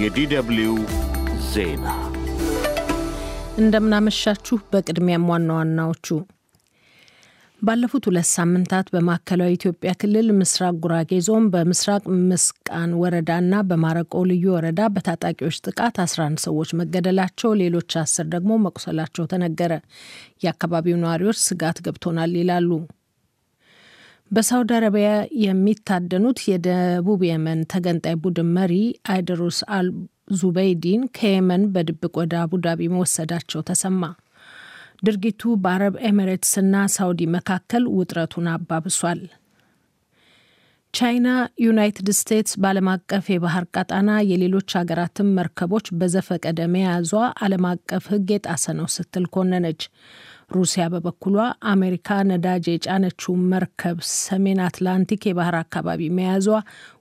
የዲደብሊው ዜና እንደምናመሻችሁ። በቅድሚያም ዋና ዋናዎቹ ባለፉት ሁለት ሳምንታት በማዕከላዊ ኢትዮጵያ ክልል ምስራቅ ጉራጌ ዞን በምስራቅ ምስቃን ወረዳና በማረቆ ልዩ ወረዳ በታጣቂዎች ጥቃት 11 ሰዎች መገደላቸው፣ ሌሎች አስር ደግሞ መቁሰላቸው ተነገረ። የአካባቢው ነዋሪዎች ስጋት ገብቶናል ይላሉ። በሳውዲ አረቢያ የሚታደኑት የደቡብ የመን ተገንጣይ ቡድን መሪ አይደሩስ አል ዙበይዲን ከየመን በድብቅ ወደ አቡዳቢ መወሰዳቸው ተሰማ። ድርጊቱ በአረብ ኤሚሬትስና ሳውዲ መካከል ውጥረቱን አባብሷል። ቻይና፣ ዩናይትድ ስቴትስ በዓለም አቀፍ የባህር ቀጣና የሌሎች ሀገራትን መርከቦች በዘፈቀደ መያዟ ዓለም አቀፍ ሕግ የጣሰ ነው ስትል ኮነነች። ሩሲያ በበኩሏ አሜሪካ ነዳጅ የጫነችው መርከብ ሰሜን አትላንቲክ የባህር አካባቢ መያዟ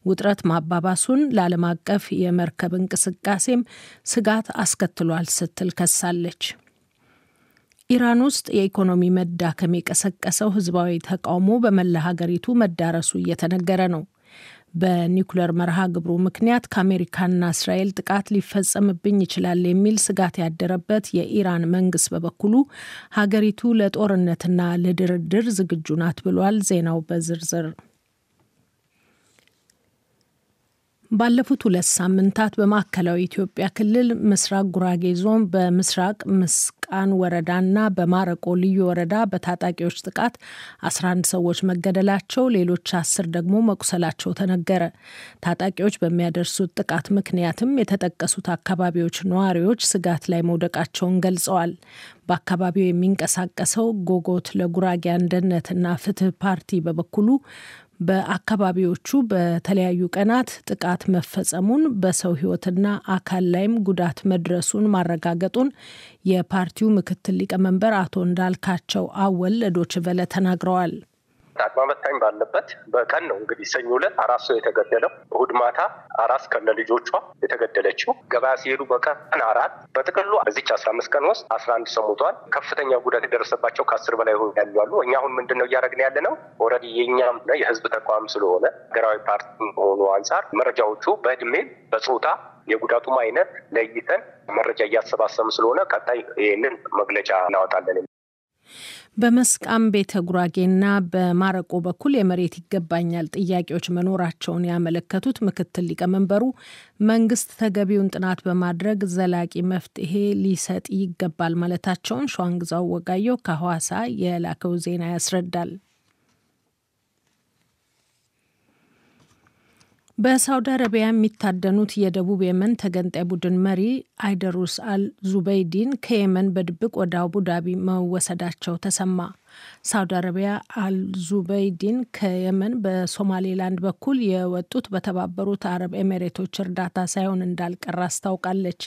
ውጥረት ማባባሱን ለዓለም አቀፍ የመርከብ እንቅስቃሴም ስጋት አስከትሏል ስትል ከሳለች። ኢራን ውስጥ የኢኮኖሚ መዳከም የቀሰቀሰው ህዝባዊ ተቃውሞ በመላ ሀገሪቱ መዳረሱ እየተነገረ ነው። በኒውክሌር መርሃ ግብሩ ምክንያት ከአሜሪካና እስራኤል ጥቃት ሊፈጸምብኝ ይችላል የሚል ስጋት ያደረበት የኢራን መንግስት በበኩሉ ሀገሪቱ ለጦርነትና ለድርድር ዝግጁ ናት ብሏል። ዜናው በዝርዝር ባለፉት ሁለት ሳምንታት በማዕከላዊ ኢትዮጵያ ክልል ምስራቅ ጉራጌ ዞን በምስራቅ ምስቃን ወረዳና በማረቆ ልዩ ወረዳ በታጣቂዎች ጥቃት 11 ሰዎች መገደላቸው፣ ሌሎች አስር ደግሞ መቁሰላቸው ተነገረ። ታጣቂዎች በሚያደርሱት ጥቃት ምክንያትም የተጠቀሱት አካባቢዎች ነዋሪዎች ስጋት ላይ መውደቃቸውን ገልጸዋል። በአካባቢው የሚንቀሳቀሰው ጎጎት ለጉራጌ አንድነትና ፍትህ ፓርቲ በበኩሉ በአካባቢዎቹ በተለያዩ ቀናት ጥቃት መፈጸሙን በሰው ሕይወትና አካል ላይም ጉዳት መድረሱን ማረጋገጡን የፓርቲው ምክትል ሊቀመንበር አቶ እንዳልካቸው አወል ለዶችቨለ ተናግረዋል። አድማ በታኝ ባለበት በቀን ነው እንግዲህ ሰኞ ዕለት አራት ሰው የተገደለው፣ እሁድ ማታ አራት ከነ ልጆቿ የተገደለችው፣ ገበያ ሲሄዱ በቀን አራት በጥቅሉ በዚች አስራ አምስት ቀን ውስጥ አስራ አንድ ሰው ሞቷል። ከፍተኛ ጉዳት የደረሰባቸው ከአስር በላይ ያሉ አሉ። እኛ አሁን ምንድን ነው እያደረግን ያለ ነው ኦልሬዲ የእኛም የህዝብ ተቋም ስለሆነ ሀገራዊ ፓርቲ መሆኑ አንጻር መረጃዎቹ በእድሜ በጾታ የጉዳቱም አይነት ለይተን መረጃ እያሰባሰብን ስለሆነ ቀጣይ ይህንን መግለጫ እናወጣለን። በመስቃም ቤተ ጉራጌና በማረቆ በኩል የመሬት ይገባኛል ጥያቄዎች መኖራቸውን ያመለከቱት ምክትል ሊቀመንበሩ መንግስት ተገቢውን ጥናት በማድረግ ዘላቂ መፍትሄ ሊሰጥ ይገባል ማለታቸውን ሸዋንግዛው ወጋየው ከሐዋሳ የላከው ዜና ያስረዳል። በሳውዲ አረቢያ የሚታደኑት የደቡብ የመን ተገንጣይ ቡድን መሪ አይደሩስ አል ዙበይዲን ከየመን በድብቅ ወደ አቡዳቢ መወሰዳቸው ተሰማ። ሳውዲ አረቢያ አልዙበይዲን ከየመን በሶማሌላንድ በኩል የወጡት በተባበሩት አረብ ኤሜሬቶች እርዳታ ሳይሆን እንዳልቀረ አስታውቃለች።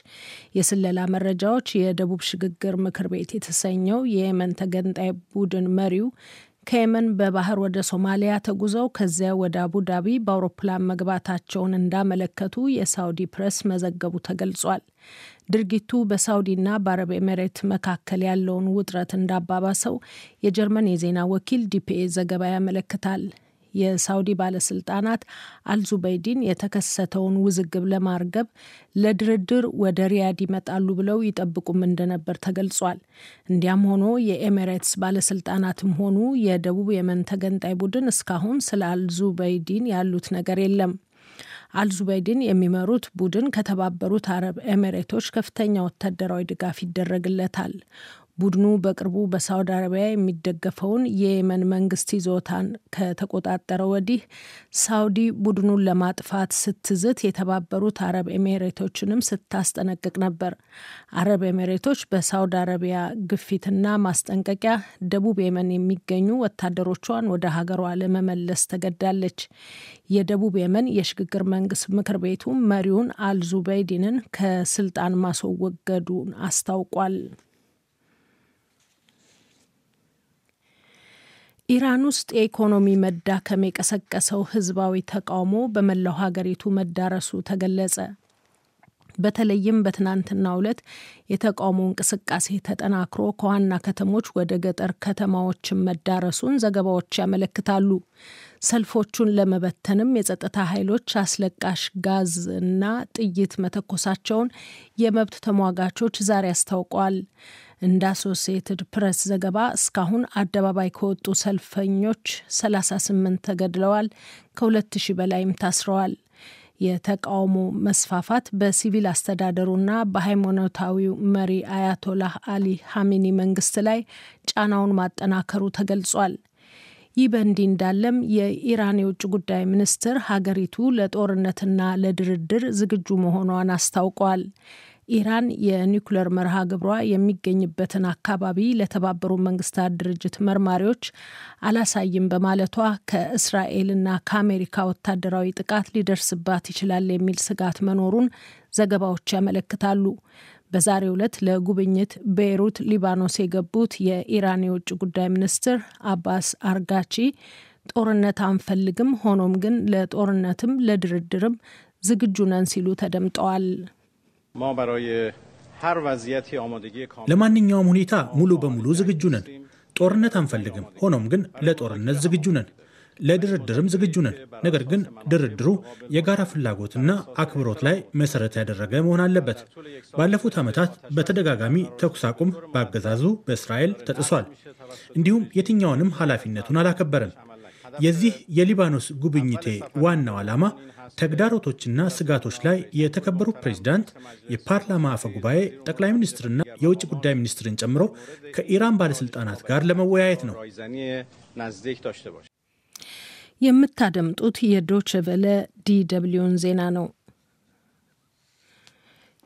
የስለላ መረጃዎች የደቡብ ሽግግር ምክር ቤት የተሰኘው የየመን ተገንጣይ ቡድን መሪው ከየመን በባህር ወደ ሶማሊያ ተጉዘው ከዚያ ወደ አቡዳቢ በአውሮፕላን መግባታቸውን እንዳመለከቱ የሳውዲ ፕሬስ መዘገቡ ተገልጿል። ድርጊቱ በሳውዲና በአረብ ኤምሬት መካከል ያለውን ውጥረት እንዳባባሰው የጀርመን የዜና ወኪል ዲፒኤ ዘገባ ያመለክታል። የሳውዲ ባለስልጣናት አልዙበይዲን የተከሰተውን ውዝግብ ለማርገብ ለድርድር ወደ ሪያድ ይመጣሉ ብለው ይጠብቁም እንደነበር ተገልጿል። እንዲያም ሆኖ የኤሚሬትስ ባለስልጣናትም ሆኑ የደቡብ የመን ተገንጣይ ቡድን እስካሁን ስለ አልዙበይዲን ያሉት ነገር የለም። አልዙበይዲን የሚመሩት ቡድን ከተባበሩት አረብ ኤሚሬቶች ከፍተኛ ወታደራዊ ድጋፍ ይደረግለታል። ቡድኑ በቅርቡ በሳውዲ አረቢያ የሚደገፈውን የየመን መንግስት ይዞታን ከተቆጣጠረ ወዲህ ሳውዲ ቡድኑን ለማጥፋት ስትዝት የተባበሩት አረብ ኤሜሬቶችንም ስታስጠነቅቅ ነበር። አረብ ኤሜሬቶች በሳውዲ አረቢያ ግፊትና ማስጠንቀቂያ ደቡብ የመን የሚገኙ ወታደሮቿን ወደ ሀገሯ ለመመለስ ተገዳለች። የደቡብ የመን የሽግግር መንግስት ምክር ቤቱ መሪውን አልዙበይዲንን ከስልጣን ማስወገዱን አስታውቋል። ኢራን ውስጥ የኢኮኖሚ መዳከም የቀሰቀሰው ህዝባዊ ተቃውሞ በመላው ሀገሪቱ መዳረሱ ተገለጸ። በተለይም በትናንትናው ዕለት የተቃውሞ እንቅስቃሴ ተጠናክሮ ከዋና ከተሞች ወደ ገጠር ከተማዎችን መዳረሱን ዘገባዎች ያመለክታሉ። ሰልፎቹን ለመበተንም የጸጥታ ኃይሎች አስለቃሽ ጋዝ እና ጥይት መተኮሳቸውን የመብት ተሟጋቾች ዛሬ አስታውቀዋል። እንደ አሶሲየትድ ፕሬስ ዘገባ እስካሁን አደባባይ ከወጡ ሰልፈኞች 38 ተገድለዋል፣ ከ2000 በላይም ታስረዋል። የተቃውሞ መስፋፋት በሲቪል አስተዳደሩና በሃይማኖታዊው መሪ አያቶላህ አሊ ሐሚኒ መንግስት ላይ ጫናውን ማጠናከሩ ተገልጿል። ይህ በእንዲህ እንዳለም የኢራን የውጭ ጉዳይ ሚኒስትር ሀገሪቱ ለጦርነትና ለድርድር ዝግጁ መሆኗን አስታውቋል። ኢራን የኒውክሌር መርሃ ግብሯ የሚገኝበትን አካባቢ ለተባበሩ መንግስታት ድርጅት መርማሪዎች አላሳይም በማለቷ ከእስራኤልና ከአሜሪካ ወታደራዊ ጥቃት ሊደርስባት ይችላል የሚል ስጋት መኖሩን ዘገባዎች ያመለክታሉ። በዛሬው ዕለት ለጉብኝት ቤይሩት፣ ሊባኖስ የገቡት የኢራን የውጭ ጉዳይ ሚኒስትር አባስ አርጋቺ ጦርነት አንፈልግም፣ ሆኖም ግን ለጦርነትም ለድርድርም ዝግጁ ነን ሲሉ ተደምጠዋል። ለማንኛውም ሁኔታ ሙሉ በሙሉ ዝግጁ ነን። ጦርነት አንፈልግም። ሆኖም ግን ለጦርነት ዝግጁ ነን። ለድርድርም ዝግጁ ነን። ነገር ግን ድርድሩ የጋራ ፍላጎትና አክብሮት ላይ መሰረት ያደረገ መሆን አለበት። ባለፉት ዓመታት በተደጋጋሚ ተኩስ አቁም በአገዛዙ በእስራኤል ተጥሷል። እንዲሁም የትኛውንም ኃላፊነቱን አላከበረም። የዚህ የሊባኖስ ጉብኝቴ ዋናው ዓላማ ተግዳሮቶችና ስጋቶች ላይ የተከበሩት ፕሬዚዳንት፣ የፓርላማ አፈ ጉባኤ፣ ጠቅላይ ሚኒስትርና የውጭ ጉዳይ ሚኒስትርን ጨምሮ ከኢራን ባለስልጣናት ጋር ለመወያየት ነው። የምታደምጡት የዶችቨለ ዲደብሊውን ዜና ነው።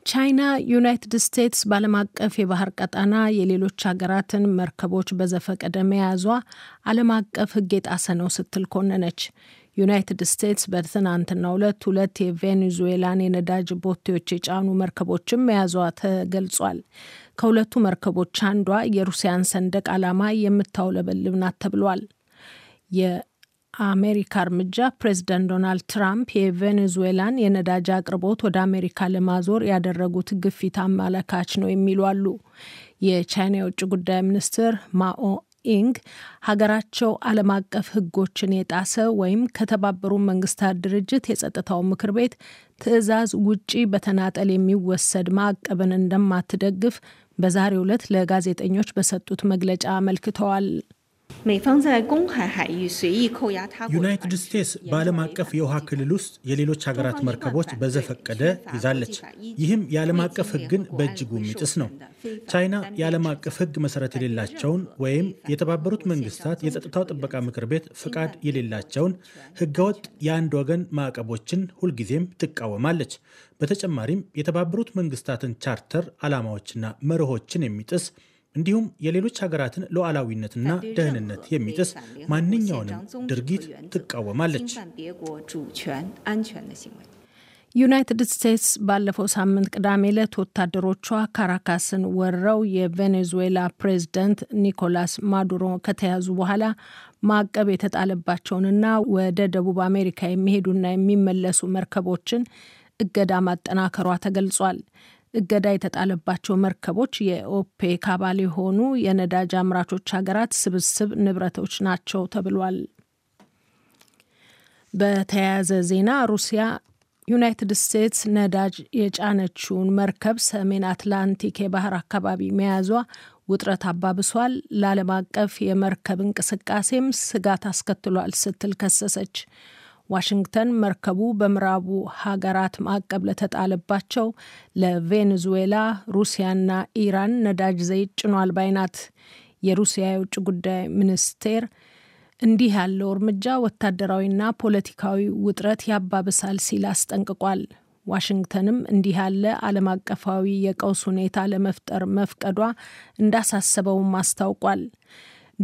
ቻይና ዩናይትድ ስቴትስ በዓለም አቀፍ የባህር ቀጣና የሌሎች ሀገራትን መርከቦች በዘፈቀደ መያዟ ዓለም አቀፍ ሕግ የጣሰ ነው ስትል ኮነነች። ዩናይትድ ስቴትስ በትናንትናው ዕለት ሁለት የቬኔዙዌላን የነዳጅ ቦቴዎች የጫኑ መርከቦችን መያዟ ተገልጿል። ከሁለቱ መርከቦች አንዷ የሩሲያን ሰንደቅ ዓላማ የምታውለበልብ ናት ተብሏል። አሜሪካ እርምጃ ፕሬዝዳንት ዶናልድ ትራምፕ የቬኔዙዌላን የነዳጅ አቅርቦት ወደ አሜሪካ ለማዞር ያደረጉት ግፊት አመላካች ነው የሚሉ አሉ። የቻይና የውጭ ጉዳይ ሚኒስትር ማኦ ኢንግ ሀገራቸው ዓለም አቀፍ ሕጎችን የጣሰ ወይም ከተባበሩ መንግስታት ድርጅት የጸጥታው ምክር ቤት ትዕዛዝ ውጪ በተናጠል የሚወሰድ ማዕቀብን እንደማትደግፍ በዛሬው ዕለት ለጋዜጠኞች በሰጡት መግለጫ አመልክተዋል። ዩናይትድ ስቴትስ በዓለም አቀፍ የውሃ ክልል ውስጥ የሌሎች ሀገራት መርከቦች በዘፈቀደ ይዛለች። ይህም የዓለም አቀፍ ሕግን በእጅጉ የሚጥስ ነው። ቻይና የዓለም አቀፍ ሕግ መሰረት የሌላቸውን ወይም የተባበሩት መንግስታት የጸጥታው ጥበቃ ምክር ቤት ፍቃድ የሌላቸውን ሕገወጥ የአንድ ወገን ማዕቀቦችን ሁልጊዜም ትቃወማለች። በተጨማሪም የተባበሩት መንግስታትን ቻርተር ዓላማዎችና መርሆችን የሚጥስ እንዲሁም የሌሎች ሀገራትን ሉዓላዊነትና ደህንነት የሚጥስ ማንኛውንም ድርጊት ትቃወማለች። ዩናይትድ ስቴትስ ባለፈው ሳምንት ቅዳሜ ዕለት ወታደሮቿ ካራካስን ወረው የቬኔዙዌላ ፕሬዝደንት ኒኮላስ ማዱሮ ከተያዙ በኋላ ማዕቀብ የተጣለባቸውንና ወደ ደቡብ አሜሪካ የሚሄዱና የሚመለሱ መርከቦችን እገዳ ማጠናከሯ ተገልጿል። እገዳ የተጣለባቸው መርከቦች የኦፔክ አባል የሆኑ የነዳጅ አምራቾች ሀገራት ስብስብ ንብረቶች ናቸው ተብሏል። በተያያዘ ዜና ሩሲያ ዩናይትድ ስቴትስ ነዳጅ የጫነችውን መርከብ ሰሜን አትላንቲክ የባህር አካባቢ መያዟ ውጥረት አባብሷል፣ ለዓለም አቀፍ የመርከብ እንቅስቃሴም ስጋት አስከትሏል ስትል ከሰሰች። ዋሽንግተን መርከቡ በምዕራቡ ሀገራት ማዕቀብ ለተጣለባቸው ለቬኔዙዌላ፣ ሩሲያና ኢራን ነዳጅ ዘይት ጭኗል ባይናት። የሩሲያ የውጭ ጉዳይ ሚኒስቴር እንዲህ ያለው እርምጃ ወታደራዊና ፖለቲካዊ ውጥረት ያባብሳል ሲል አስጠንቅቋል። ዋሽንግተንም እንዲህ ያለ ዓለም አቀፋዊ የቀውስ ሁኔታ ለመፍጠር መፍቀዷ እንዳሳሰበውም አስታውቋል።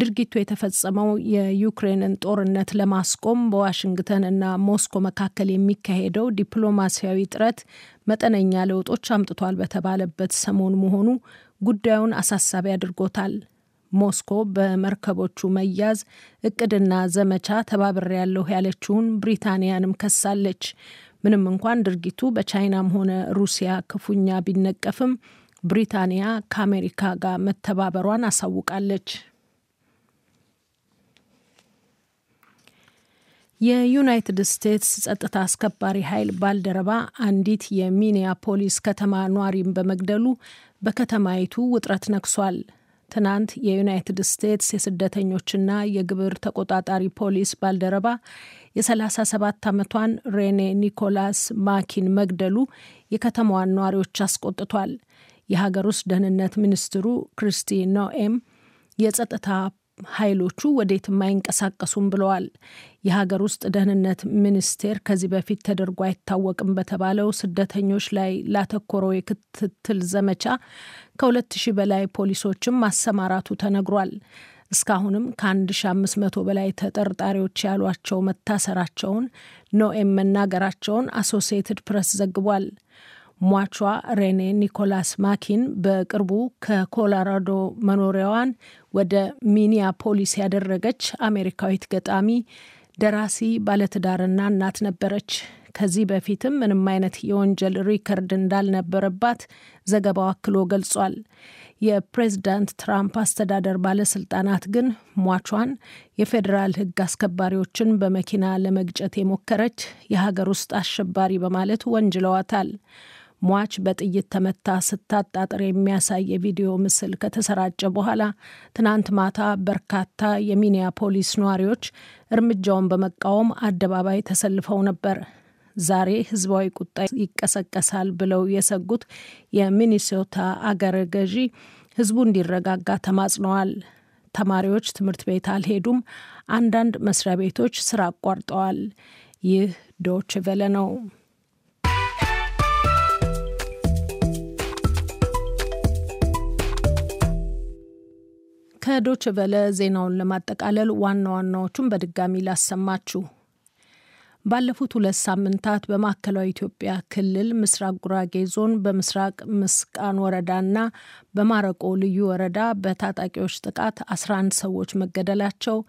ድርጊቱ የተፈጸመው የዩክሬንን ጦርነት ለማስቆም በዋሽንግተን እና ሞስኮ መካከል የሚካሄደው ዲፕሎማሲያዊ ጥረት መጠነኛ ለውጦች አምጥቷል በተባለበት ሰሞን መሆኑ ጉዳዩን አሳሳቢ አድርጎታል። ሞስኮ በመርከቦቹ መያዝ እቅድና ዘመቻ ያለሁ ያለችውን ብሪታንያንም ከሳለች። ምንም እንኳን ድርጊቱ በቻይናም ሆነ ሩሲያ ክፉኛ ቢነቀፍም ብሪታንያ ከአሜሪካ ጋር መተባበሯን አሳውቃለች። የዩናይትድ ስቴትስ ጸጥታ አስከባሪ ኃይል ባልደረባ አንዲት የሚኒያፖሊስ ከተማ ኗሪም በመግደሉ በከተማይቱ ውጥረት ነግሷል። ትናንት የዩናይትድ ስቴትስ የስደተኞችና የግብር ተቆጣጣሪ ፖሊስ ባልደረባ የ37 ዓመቷን ሬኔ ኒኮላስ ማኪን መግደሉ የከተማዋን ነዋሪዎች አስቆጥቷል። የሀገር ውስጥ ደህንነት ሚኒስትሩ ክሪስቲ ኖኤም የጸጥታ ኃይሎቹ ወዴትም አይንቀሳቀሱም ብለዋል። የሀገር ውስጥ ደህንነት ሚኒስቴር ከዚህ በፊት ተደርጎ አይታወቅም በተባለው ስደተኞች ላይ ላተኮረው የክትትል ዘመቻ ከ 2000 በላይ ፖሊሶችም ማሰማራቱ ተነግሯል። እስካሁንም ከ1500 በላይ ተጠርጣሪዎች ያሏቸው መታሰራቸውን ኖኤም መናገራቸውን አሶሲየትድ ፕሬስ ዘግቧል። ሟቿ ሬኔ ኒኮላስ ማኪን በቅርቡ ከኮሎራዶ መኖሪያዋን ወደ ሚኒያፖሊስ ያደረገች አሜሪካዊት ገጣሚ፣ ደራሲ፣ ባለትዳርና እናት ነበረች። ከዚህ በፊትም ምንም አይነት የወንጀል ሪከርድ እንዳልነበረባት ዘገባው አክሎ ገልጿል። የፕሬዝዳንት ትራምፕ አስተዳደር ባለስልጣናት ግን ሟቿን የፌዴራል ሕግ አስከባሪዎችን በመኪና ለመግጨት የሞከረች የሀገር ውስጥ አሸባሪ በማለት ወንጅለዋታል። ሟች በጥይት ተመታ ስታጣጥር የሚያሳይ የቪዲዮ ምስል ከተሰራጨ በኋላ ትናንት ማታ በርካታ የሚኒያፖሊስ ነዋሪዎች እርምጃውን በመቃወም አደባባይ ተሰልፈው ነበር። ዛሬ ህዝባዊ ቁጣ ይቀሰቀሳል ብለው የሰጉት የሚኒሶታ አገረ ገዢ ህዝቡ እንዲረጋጋ ተማጽነዋል። ተማሪዎች ትምህርት ቤት አልሄዱም። አንዳንድ መስሪያ ቤቶች ስራ አቋርጠዋል። ይህ ቨለ ነው። ከዶች ቨለ ዜናውን ለማጠቃለል ዋና ዋናዎቹን በድጋሚ ላሰማችሁ። ባለፉት ሁለት ሳምንታት በማዕከላዊ ኢትዮጵያ ክልል ምስራቅ ጉራጌ ዞን በምስራቅ ምስቃን ወረዳና በማረቆ ልዩ ወረዳ በታጣቂዎች ጥቃት 11 ሰዎች መገደላቸው፣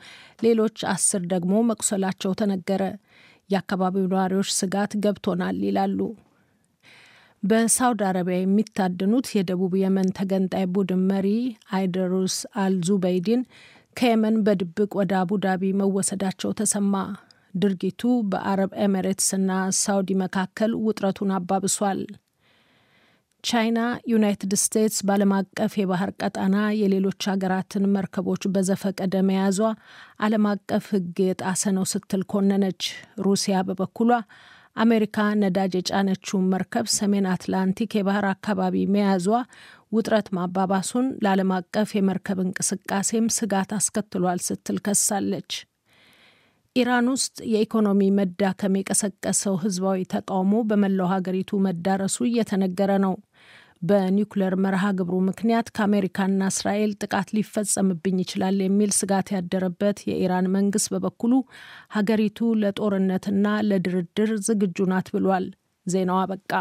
ሌሎች አስር ደግሞ መቁሰላቸው ተነገረ። የአካባቢው ነዋሪዎች ስጋት ገብቶናል ይላሉ። በሳውዲ አረቢያ የሚታደኑት የደቡብ የመን ተገንጣይ ቡድን መሪ አይደሩስ አልዙበይዲን ከየመን በድብቅ ወደ አቡዳቢ መወሰዳቸው ተሰማ። ድርጊቱ በአረብ ኤሚሬትስና ሳውዲ መካከል ውጥረቱን አባብሷል። ቻይና፣ ዩናይትድ ስቴትስ በዓለም አቀፍ የባህር ቀጠና የሌሎች ሀገራትን መርከቦች በዘፈቀደ መያዟ ዓለም አቀፍ ሕግ የጣሰ ነው ስትል ኮነነች። ሩሲያ በበኩሏ አሜሪካ ነዳጅ የጫነችውን መርከብ ሰሜን አትላንቲክ የባህር አካባቢ መያዟ ውጥረት ማባባሱን ለዓለም አቀፍ የመርከብ እንቅስቃሴም ስጋት አስከትሏል ስትል ከሳለች። ኢራን ውስጥ የኢኮኖሚ መዳከም የቀሰቀሰው ህዝባዊ ተቃውሞ በመላው ሀገሪቱ መዳረሱ እየተነገረ ነው። በኒውክሌር መርሃ ግብሩ ምክንያት ከአሜሪካና እስራኤል ጥቃት ሊፈጸምብኝ ይችላል የሚል ስጋት ያደረበት የኢራን መንግስት በበኩሉ ሀገሪቱ ለጦርነትና ለድርድር ዝግጁ ናት ብሏል። ዜናው አበቃ።